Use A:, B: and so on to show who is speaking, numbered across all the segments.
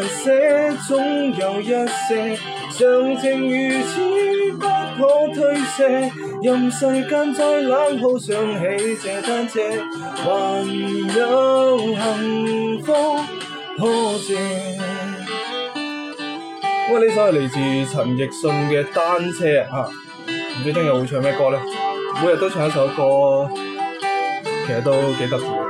A: 想不喂，呢首係嚟自陳奕迅嘅《單車》啊，唔知聽日會唱咩歌咧？每日都唱一首歌，其實都幾得意。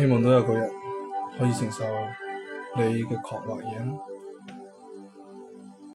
A: 希望都有個人可以承受你嘅狂或野。